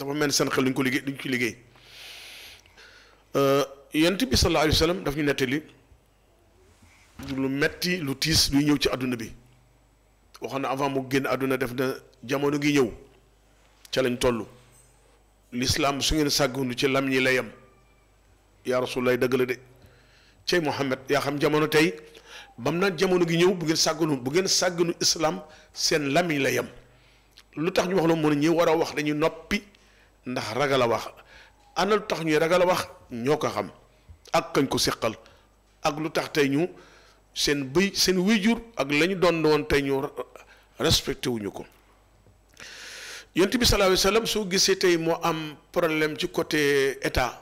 dafa mel ni seen xel duñ ko liggéey duñ ci liggéey euh, yonent bi sallallahu daf ñu nettali lu metti lu tiis luy ñëw ci àdduna bi waxoon na avant mu génn àdduna def na jamono ngi ñëw ca lañ toll lislaam su ngeen sàggoonu ci lam ñi la yem yaa rasulallah dëgg la de cey Muhammad yaa xam jamono tey bam naan jamono gi ñëw bu ngeen sàgganu bu ngeen sàgganu islam seen lamiñ la yem lu tax ñu wax la mën ñi war a wax dañuy noppi ndax ragal a wax ana lu tax ñuy ragal a wax ñoo ko xam ak kañ ko siqal ak lu tax tey ñu seen bëy seen wéjur ak la ñu doon woon tey ñu respecté wuñu ko yonent bi sallallahu alayhi wasallam soo gisee tey moo am problème ci côté état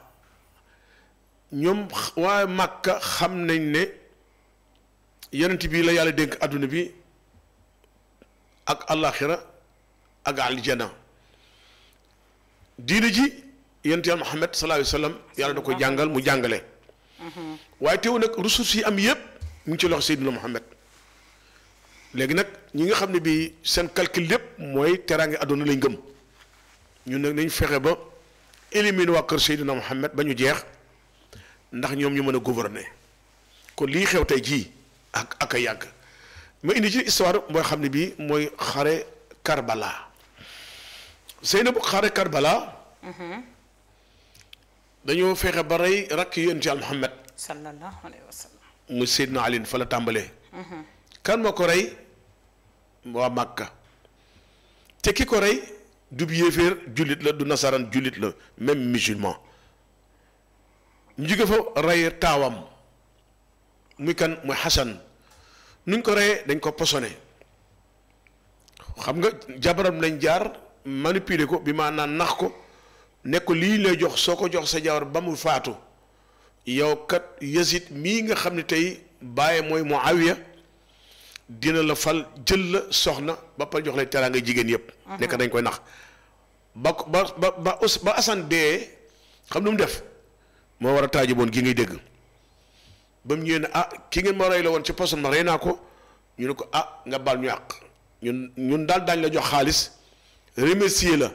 ñoom waa Màkka xam nañ ne yonent bii la yàlla dénk àdduna bi ak àllaaxira ak aljana diine ji yonent yàlla Muhammad sallallahu alayhi wa sallam yàlla da ko jàngal mu jàngale. waaye teew nag ressources yi am yëpp mu ngi ci loxo Seydina Muhammad léegi nag ñi nga xam ne bii seen calcul lépp mooy teraange àdduna lañ gëm ñu nekk nañ fexe ba éliminer waa kër Seydina Muhammad ba ñu jeex ndax ñoom ñu mën a gouverner kon lii xew tey jii ak ak a yàgg ma indi ci histoire mooy xam ne bii mooy xare Karbala. Seynabu xare Karbala mhm. dañoo fexe ba rey rakk yonent Yàlla Muhammad sallallahu alayhi wa sallam mu Seydina Ali fa la tàmbalee mhm. kan ma ko rey waa Màkka te ki ko rey du yéeféer jullit la du nasaraan jullit la même musulman ñu jóge fa rey taawam muy kan muy Xasan nuñ ko reyee dañ ko posone xam nga jabaram lañ jaar manipuler ko bi naan nax ko ne ko lii lay jox soo ko jox sa jawar ba mu faatu yow kat Yazid mii nga xam ne tey bàyyi mooy Muawiya dina la fal jël la soxna ba pare jox la teraanga jigéen yëpp. Mhm. nekk dañ koy nax ba ba ba ba ba Assane dee xam nu mu def moo war a taajuboon gi ngay dégg ba mu ñëwee ne ah ki ngeen ma rey la woon ci poson ma rey naa ko ñu ne ko ah nga baal ñu àq ñun ñun daal daañ la jox xaalis. remercier la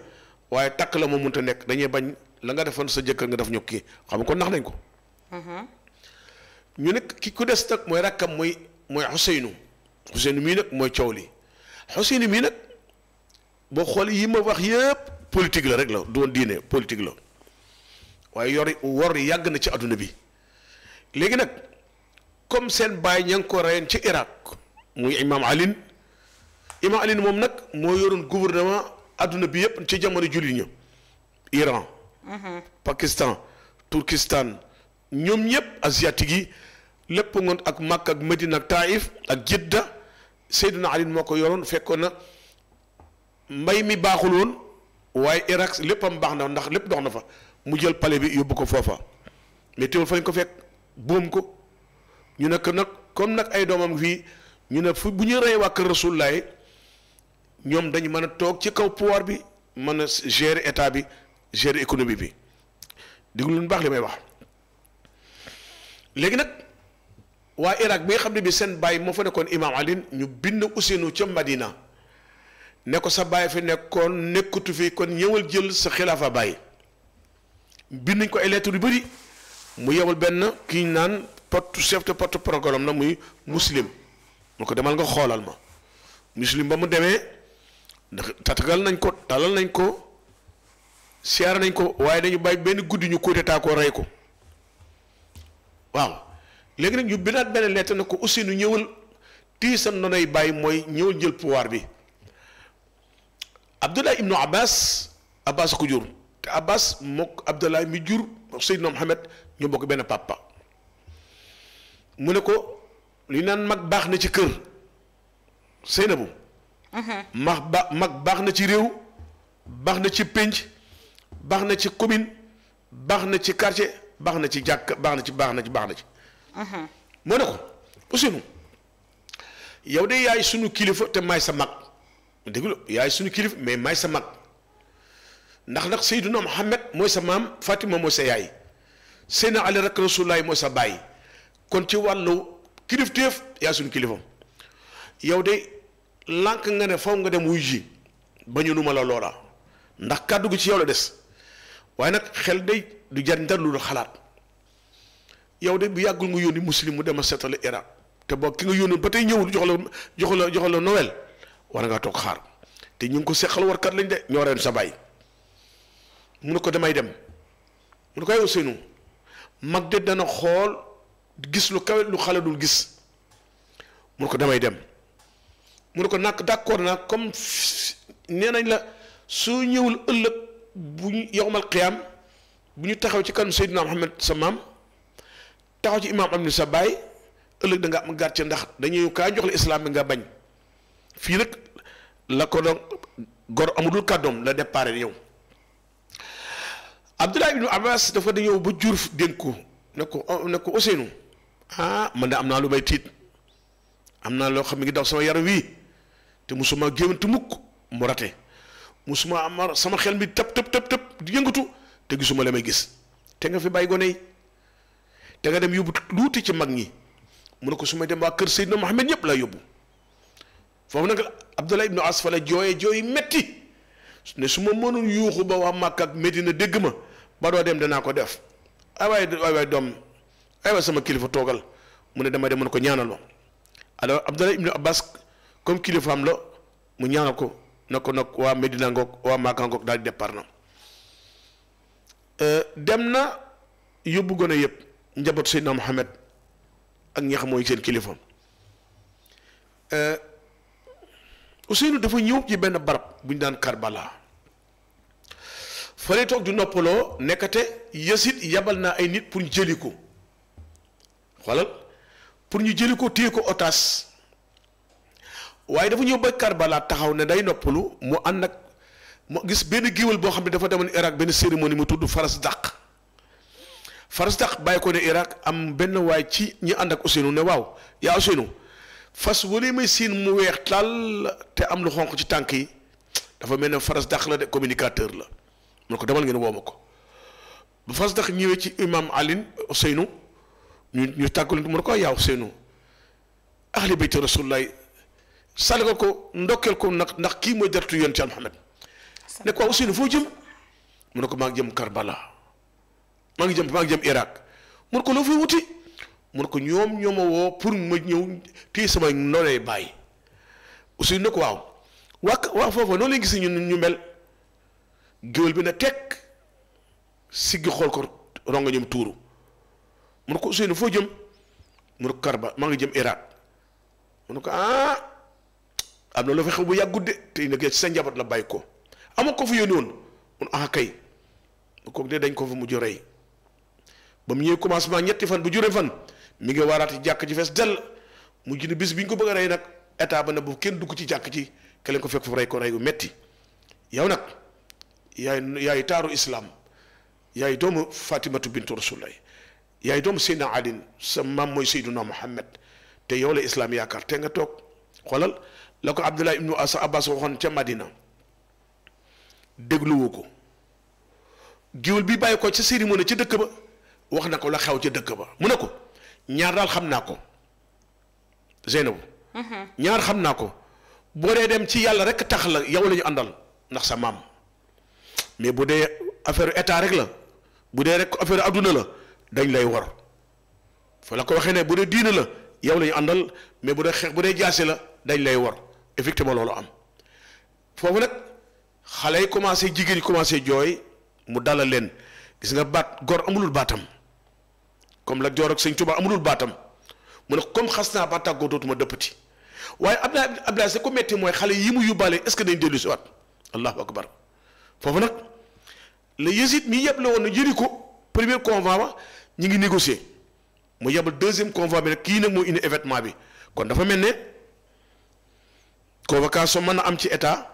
waaye takk la moo mënta nekk dañuy bañ la nga defoon sa jëkkër nga def ñu kii xam nga kon nax nañ ko. ñu nekk ki ku des nag mooy rakkam mooy mooy Ousseynou Ousseynou mii nag mooy coow li Ousseynou mii nag boo xoolee yi ma wax yëpp politique la rek la doon diine politique la waaye yor yàgg na ci àdduna bi léegi nag comme seen baay ña ko reyoon ci Irak muy imaam Alin imaam Alin moom nag moo yoroon gouvernement. adduna bi yëpp ci jamono julli ña Iran. Mhm. Pakistan Turkistan ñoom ñëpp asiatique yi lépp ngoon ak Makka ak Medina ak Taïf ak Jidda Seydina Ali moo ko yoroon fekkoon na mbay mi baaxul woon waaye Irak léppam baax na ndax lépp dox na fa mu jël pale bi yóbbu ko foofa mais teewul fañ ko fekk boom ko ñu nekk nag comme nag ay doomam fii ñu ne fu bu ñu reyee waa kër Rasulullah ñoom dañu mën a toog ci kaw pouvoir bi mën a gérer état bi gérer économie bi déglu lu baax li may wax léegi nag waa Irak bi nga xam ne bi seen baay moo fa nekkoon imaam alin ñu bind Ousseynou ca Madina ne ko sa baay fi nekkoon nekkatu fi kon ñëwal jël sa xilaafa baay binduñ ko ay lettres bari mu yebal benn kii naan porte chef de porte programme na muy muslim mu ko demal nga xoolal ma muslim ba mu demee. tatagal nañ ko talal nañ ko siyaar nañ ko waaye dañu bàyyi benn guddi ñu kóotetaa ko rey ko waaw léegi nag ñu bindaat benn lettre na ko ussi nu ñëwal tii sa nonay bàyyi mooy ñëwal jël pouvoir bi Abdullah ibnu Abbas Abbas ko jur te Abbas mook Abdullah mi jur Seydina Muhammad ñu bokk benn papa mu ne ko li naan mag baax na ci kër Seynabu max ba mag baax na ci réew baax na ci pénc baax na ci commune baax na ci quartier baax na ci jàkk baax na ci baax na ci baax na ci moo ne ko Ousseynou yow de yaay suñu kilifa te maay sa mag déglu yaay suñu kilifa mais maay sa mag ndax nag Seyduna Muhammad mooy sa maam Fatima mooy sa yaay Seydina Ali rakk Rasulullaay mooy sa bàyyi kon ci wàllu kilifteef yaay sunu kilifa yow de lànk nga ne foog nga dem wuy ji ba ñu numa la loola ndax kàddu gi ci yow la des waaye nag xel day du jar dara lu xalaat yow de bu yàggul nga yónni muslim mu dem a seetale te boo ki nga yónni ba tey ñëwul jox la jox la jox la Noël war nga toog xaar te ñu ngi ko seqal warkat lañ de ñoo reen sa bàyyi mu ne ko demay dem mu ne ko ay Ousseynou mag de dana xool gis lu kawet lu xale dul gis mu ne ko demay dem. mu ne ko nag d'accord naa comme nee nañ la soo ñëwul ëllëg bu ñu yowmal qiyaam bu ñu taxaw ci kan Seydina Muhammad sa maam taxaw ci imaam am sa baay ëllëg da nga am gàcce ndax dañuy kaa jox la islam bi nga bañ fii nag la ko doon gor amudul kàddoom la déparé yow Abdullah ibnu Abbas dafa da ñëw ba jur dénk ko ne ko ne ah man de am naa lu may tiit am naa loo xam ne ngi daw sama yaram wii te musuma géwante mukk mu rate ma amar sama xel mi tëb tëb tëb tëb di yëngatu te gisuma la may gis te nga fi bàyyi gone yi te nga dem yóbbu luuti ci mag ñi mu ne ko su may dem waa kër Seydina Mohamed ñëpp laa yóbbu foofu nag Abdullah ibnu As fa metti ne su ma mënul yuuxu ba waa Màkka ak Medina dégg ma ba dem danaa ko def ay waay waay kilifa toogal mu ne dem mu ne ma alors Abdullah ibnu Abbas comme kilifaam la mu ñaanal ko na ko nag waa Medina ngoog waa Maka ngoog daal di départ euh, dem na yóbbu gone yëpp njabootu Seydina Mohamed ak ñi xam mooy seen kilifaam euh, Ousseynou dafa ñëw ci benn barab bu ñu daan Karbala fële toog di noppaloo nekkate Yasid yabal naa ay nit pour ñu jëli ko xoolal pour ñu jëli ko téye ko otaas. waaye dafa ñëw ba balaa taxaw ne day noppalu mu ànd ak mu gis benn géwél boo xam ne dafa demoon Irak benn cérémonie mu tudd Faras Daq Faras Daq bàyyi ko ne Irak am benn waay ci ñi ànd ak Ousseynou ne waaw yaa Ousseynou fas wala may siin mu weex taal te am lu xonq ci tànk yi dafa mel ne Faras la de communicateur la mun ko demal ngeen wooma ko bu Faras Daq ñëwee ci imam Aline Ousseynou ñu ñu tàggu leen mu ne ko yaa Ousseynou ahli bayti Rasulullahi saligal ko ndokkeel ko nag ndax kii mooy dertu yoon ci al Muhammad ne ko Ousseynou foo jëm mu ne ko maa ngi jëm Karbala maa ngi jëm maa jëm Irak mu ko loo fay wuti ko ñoom ñoo ma woo pour ma ñëw téye samay noonee bàyyi Ousseynou ne ko waaw waa waa foofa noonu lay gis ñun ñu mel géwél bi na tekk siggi xool ko tuuru mu ne foo jëm mu ne ko Karba maa ngi jëm Irak mu ne ko ah. am na lu fa xew bu yàggut de te nag ci sa njaboot la bàyyi ko ama ko fi yónni woon mun ah kay de dañ ko fa mujj rey ba mu ñëwee commencement ñetti fan bu juree fan mi ngi waaraati jàkk ci fees mu mujj na bis bi ñu ko bëgg a rey nag état ba na bu kenn dugg ci jàkk ci ke ko fekk fu rey ko rey gu metti yow nag yaay yaay taaru islam yaay doomu fatimatu bintu rasulillah yaay doomu seydna alin sa maam mooy seyduna muhammad te yow la islaam yaakaar te nga toog la ko Abdullah ibnu Abbas waxoon ca Madina dégluwu ko géwél bi bàyyi ko ca cérémonie ca dëkk ba wax na ko la xew ca dëkk ba mu ne ko ñaar daal xam naa ko Zeynabu mhm. ñaar xam naa ko boo dee dem ci yàlla rek tax la yow la ñu àndal ndax sa maam mais bu dee affaire état rek la bu dee rekk affaire adduna la dañ lay war fa la ko waxee ne bu dee diina la yow la àndal mais bu dee xeex bu dee jaase la dañ lay war effectivement loolu am foofu nag xale yi commencé jigéen yi commencé jooy mu dalal leen gis nga baat gor amulul baatam comme la joor ak sëñ Tuubaa amulul baatam mu ne comme xas naa ba tàggoo dootuma dëppati waaye Abdoulaye Abdoulaye sa ko metti mooy xale yi mu yóbbaale est ce que dañ dellu si waat allahu akbar foofu nag la yësit mi la woon na jëri ko premier convoi ñu ngi négocier mu yebal deuxième convoi bi nag kii nag moo indi événement bi kon dafa mel ne. convocation mën na am ci état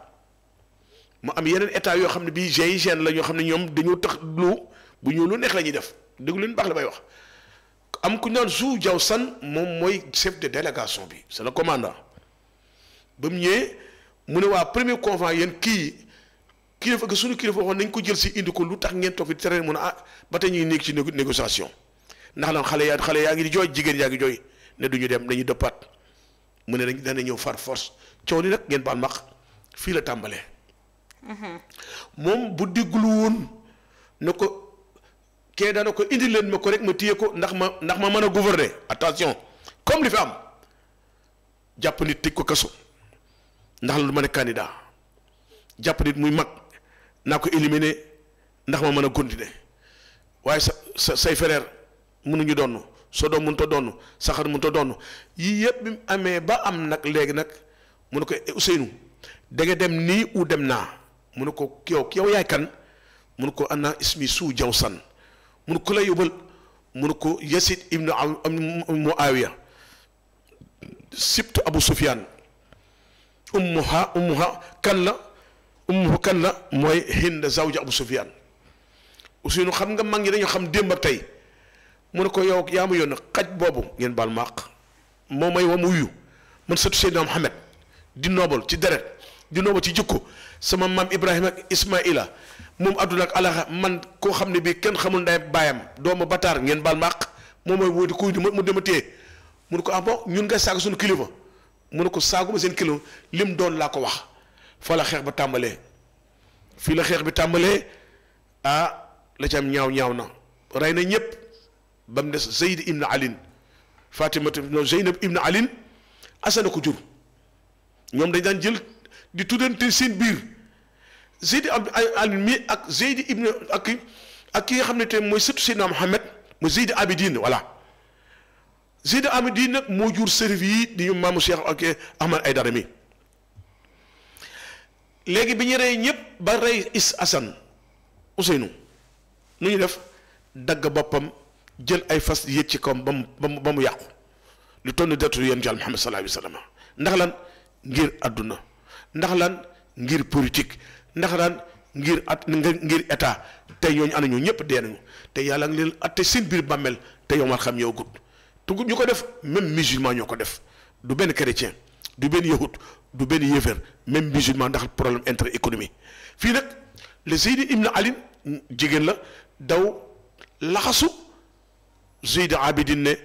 mu am yeneen état yoo xam ne bii GIGN la ñoo xam ne ñoom dañoo tax lu bu ñu lu neex la ñuy def déglu leen baax la may wax am ku ñu naan Zou San moom mooy chef de délégation bi c'est commandant ba mu ñëwee mu ne waa premier convoi yéen kii kilifa ga suñu kilifa waxoon nañ ko jël si indi ko lu tax ngeen toog fi terrain mu ne ah ba tey ñu ngi nekk ci négociation ndax lan xale yaa xale yaa ngi di jooy jigéen yaa ngi jooy ne du ñu dem dañuy dëppaat. mu ne dañ dana ñëw far force coow li nag ngeen baal max fii la tàmbalee. Mhm. moom bu déglu woon na ko kee dana ko indi leen ma ko rek ma téye ko ndax ma ndax ma mën a gouverner attention comme li fi am jàpp nit tëj ko kaso ndax la du ma ne candidat jàpp nit muy mag naa ko éliminer ndax ma mën a continuer waaye sa sa say frère mënuñu doon. so doom mënu ta doon saxar mënu ta yii yëpp bi mu amee ba am nag léegi nag mu ne ko eh, Ousseynou da dem nii u dem naa mu ne ko yow yow yaay kan mu ne ko ana ismi suu jaw san mu ko la yóbbal mu ne ko yasid ibnu muawiya sibtu abu sufyaan ummuha ummuha kan la kan la mooy hind zawja abu sufyaan Ousseynou xam nga mag ñi dañu xam démb ak tey mu ne ko yow yaa ma yónn xaj boobu ngeen baal maaq moo may wa mu wuyu man sëtu Seydina Muhammad di noobal ci deret di noobal ci jikko sama maam Ibrahima ak Ismaila moom àdduna ak alaxa man koo xam ne bii kenn xamul nday baayam doomu bataar ngeen baal maaq moo may wóoti kuy di mu dema téye mu ne ko ah bon ñun nga saagu suñu kilifa mu ne ko saaguma seen kilifa lim doon laa ko wax fa la xeex ba tàmbalee fii la xeex bi tàmbalee ah la ci am ñaaw ñaaw na na ñëpp ba mu des Zeyd ibn Alin Fatimatu non ibn Alin Asana ko jur ñoom dañ daan jël di tuddante seen biir Zeyd Alin mi ak Zeyd ibn ak ak ki nga xam ne te mooy sëtu Seydina Muhammad mooy Zeyd Abidin voilà Zeyd Abidin nag moo jur sërif yi di ñu maamu Cheikh ak Ahmad Aydara mi léegi bi ñu rey ñëpp ba rey is Asan Useynu nu ñu def dagg boppam. jël ay fas yéeg ci kawam ba mu ba mu yàqu lu ton nii dootul yéen jàll Muhammad sallallahu alayhi wa sallam ndax lan ngir àdduna ndax lan ngir politique ndax lan ngir at ngir état tey ñooñu ana ñu ñëpp dee nañu te yàlla ngi leen atte seen biir bàmmeel te yow war xam yow gut te ñu ko def même musulman ñoo ko def du benn chrétien du benn yahut du benn yéeféer même musulman ndax problème intérêt économie fii nag le Seydi Ibn Ali jigéen la daw laxasu. Zeyd Abidin ne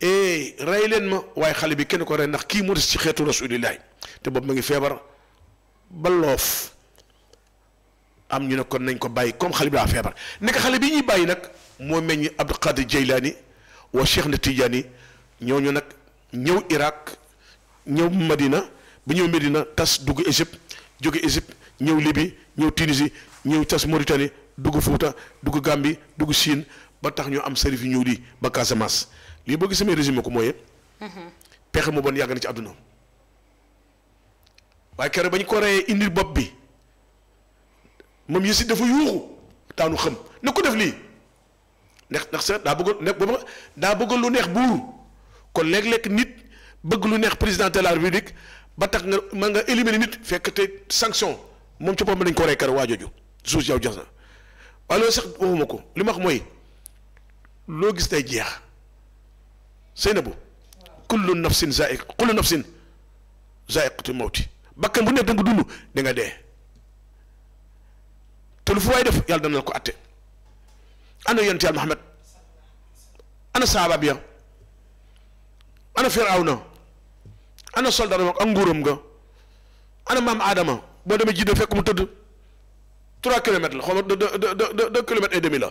eh rey leen ma waaye xale bi kenn ko rey ndax kii mu si ci xeetu rasulillahi te boobu ma ngi feebar ba loof am ñu ne kon nañ ko bàyyi comme xale bi daa feebar nekk xale bi ñuy bàyyi nag moo meññ Abdul Qadir Jeylaani wa Cheikh na Tidiane ñooñu nag ñëw Irak ñëw Madina bi ñëw Medina tas dugg Égypte jóge Égypte ñëw Libye ñëw Tunisie ñëw tas Mauritanie dugg Fouta dugg Gambie dugg Chine. ba tax ñu am sërif yi ñëw di ba Casamance lii boo gisee may résumé ko mooy. Mhm. pexe mu bon yàgg na ci àdduna waaye keroog ba ñu ko reyee indil bopp bi moom yësi dafa yuuxu daanu xam ne ko def lii ndax ndax sa daa bëgg ne booba daa bëgg lu neex buur kon léeg lekk nit bëgg lu neex président de la république ba tax nga mën nga éliminer nit fekk te sanction moom ci boppam dañ ko rey keroog waa jooju suuf jaww jox na waaye sax waxuma ko li ma wax mooy. loo gis day jeex Seynabou kullu nafsin zaiq kullu nafsin zaiqatu mawti bakkan bu nekk da nga dund da nga dee te fu waay def yàlla dana la ko atte ana yonent yàlla Muhammad ana saaba bi ana Firawna ana soldat ma ak ana maam Adama boo demee jiite fekk mu tëdd trois kilomètres la xaw ma deux deux la.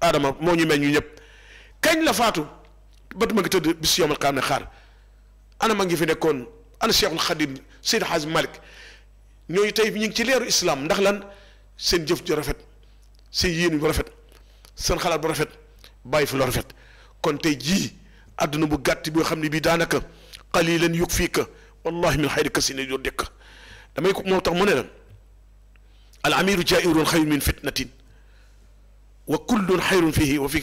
aadama moo ñu mel ñu ñëpp kañ la faatu bat ma ngi tëdd bis yomal xaam xaar ana ma ngi fi nekkoon ana Cheikhul Khadim Seydi Hadj Malick ñooñu tey ñu ngi ci leeru islam ndax lan seen jëf ju rafet seen yéen bu rafet seen xalaat bu rafet bàyyi fi lu rafet kon tey jii àdduna bu gàtt boo xam ne bii daanaka qalilan yukfika wallahi min xayrika si ne yoo dëkk damay ko moo tax mu ne la al amiru jairun xayru min fitnatin amilun xayrun fihi wa fi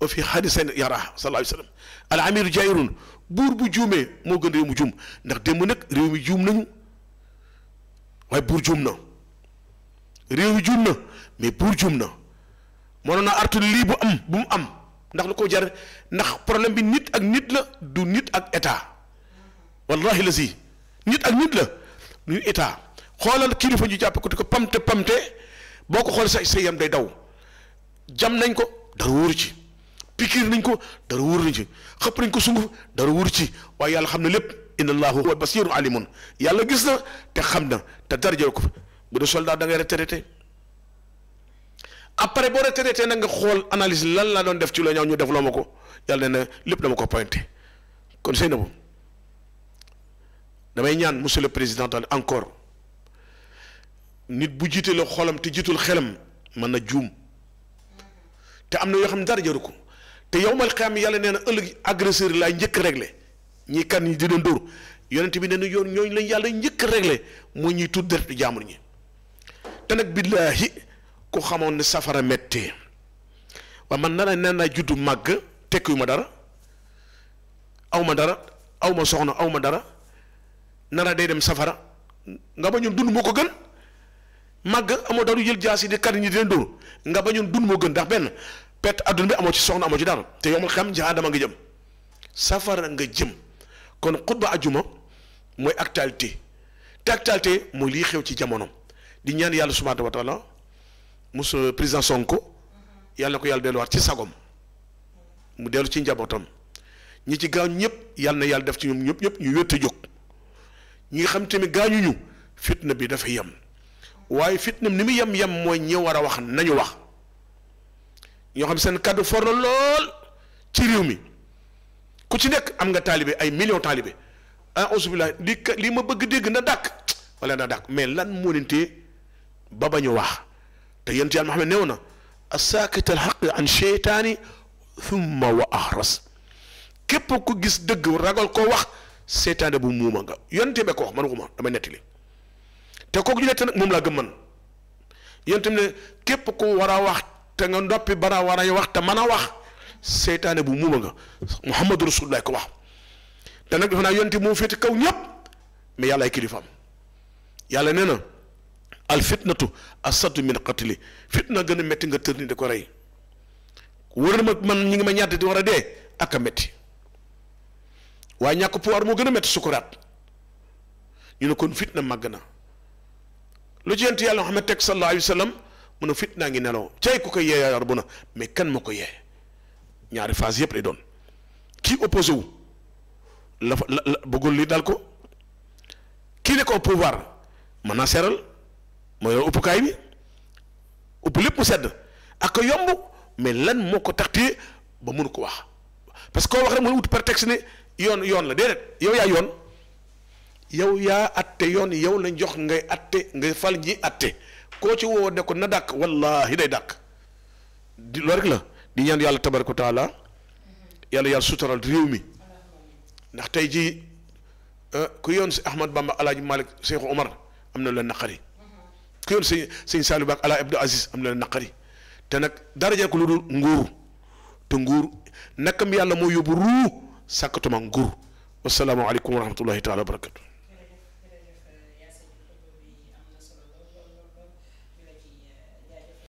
wa fi xadisan yaraaha sallallahu alayhi wa sallam amiru jairun buur bu juumee moo gën réew mu juum ndax démb nag réew mi juum nañu waaye buur juum na réew mi juum na mais buur juum na mënoon naa artu lii bu am bu mu am ndax lu ko jar ndax problème bi nit ak nit la du nit ak état wallahi la si nit ak nit la du état xoolal kilifa ñu jàpp ko di ko pamte pamte boo ko xool sa sa yam day daw jam nañ ko dara wóoru ci pikiir nañ ko dara wóoru ci xëpp nañ ko sunguf dara wóoru ci waaye yàlla xam na lépp inna allahu huwa basirun alimun yàlla gis na te xam na te dara jël ko bu dee soldat da ngay retraité après boo retraité nag nga xool analyse lan laa doon def ci la ñaaw ñu def loo ma ko yàlla ne na lépp dama ko pointé kon sëy na damay ñaan monsieur le président daal encore nit bu jiite la xolam te jiitul xelam mën na juum te am na yoo xam ne dara jaru ko te yow yowmal qiyaam yàlla nee na ëllëg agresseur laay njëkk réglé ñi kan ñi di leen dóor yonent bi nee na yoon ñooñu lañ yàlla njëkk réglé moo ñuy tudd deret jaamur ñi te nag billaahi ku xamoon ne safara méttee waaw man nana nee naa juddu màgg tekkiwu ma dara aw ma dara aw ma soxna aw ma dara nana day dem safara nga ba ñun dund moo ko gën màgg amoo daal di jël jaas yi di kat ñi di leen dóor nga bañoon dund moo gën ndax benn pet adduna bi amoo ci soxna amoo ci dara te yow man xam jahanama nga jëm safara nga jëm kon xutba ajuma mooy actualité te actualité lii xew ci jamono di ñaan yàlla subhanahu wa mu monsieur président sonk yàlla ko yàlla delluwaat ci sagom mu dellu ci njabootam ñi ci gaañ ñëpp yàlla na yàlla def ci ñoom ñëpp ñëpp ñu wétta jóg ñi nga xam tamit gaañuñu fitna bi dafa yem. waaye fitna ni mu yem yam mooy ñi war a wax nañu wax ñoo xam seen kàddu for lool ci réew mi ku ci nekk am nga taalibe ay million taalibe ah ausubillah li li ma bëgg dégg na dàkk wala na dàkk mais lan moo leen tee ba bañu wax te yent yàlla ne néew na asakit alxaq an cheytaani thumma wa ahras képp ku gis dëgg ragal koo wax seytaane bu muuma nga yonte be ko wax man ko damay nettali te kook ñu nett nag moom laa gëm man yéen ne képp ku war a wax te nga ndoppi bara war a wax te man a wax seytaane bu muuma nga muhammadu rasulullah ko wax te nag dafa naa yonti moo féeti kaw ñëpp mais yàlla ay kilifaam yàlla nee na al fitnatu asadu min qatli fitna gën a metti nga tër ni di ko rey wër ma man ñi ngi ma ñaata di war a dee ak waaye ñàkk pouvoir moo gën a metti sukuraat ñu ne kon fitna màgg na lu ci yonent yàlla Muhammad teg sallallahu alayhi wa sallam mu ne fitnaa ngi nelaw cay ku ko yee yaa rabbuna mais kan moo ko yee ñaari phase yëpp lay doon kii opposé wu la la la bëggul li dal ko kii nekk au pouvoir mën naa seeral mooy yor uppukaay bi upp lépp mu sedd ak ko yomb mais lan moo ko tax ba mënu ko wax parce que koo wax rek mu wut prétexte ne yoon yoon la déedéet yow yaa yoon. yow yaa atte yoon yow lañ jox ngay atte ngay fal ñi atte koo ci woo de ko na dàkk wallaahi day dàkk di loolu rek la di ñaan yàlla tabaraka taala yàlla yàlla sutural réew mi ndax tey jii euh, ku yoon si Ahmad Bamba alaaji Malick Seexu Omar am na la naqari ku yoon si sëñ Saliou Ba alaaji Aziz am na leen naqari te nag dara jël ko lu dul nguur te nguur nakam yàlla moo yóbbu ruu sàkkatuma nguur wasalaamualeykum wa rahmatullahi taala wa barakatu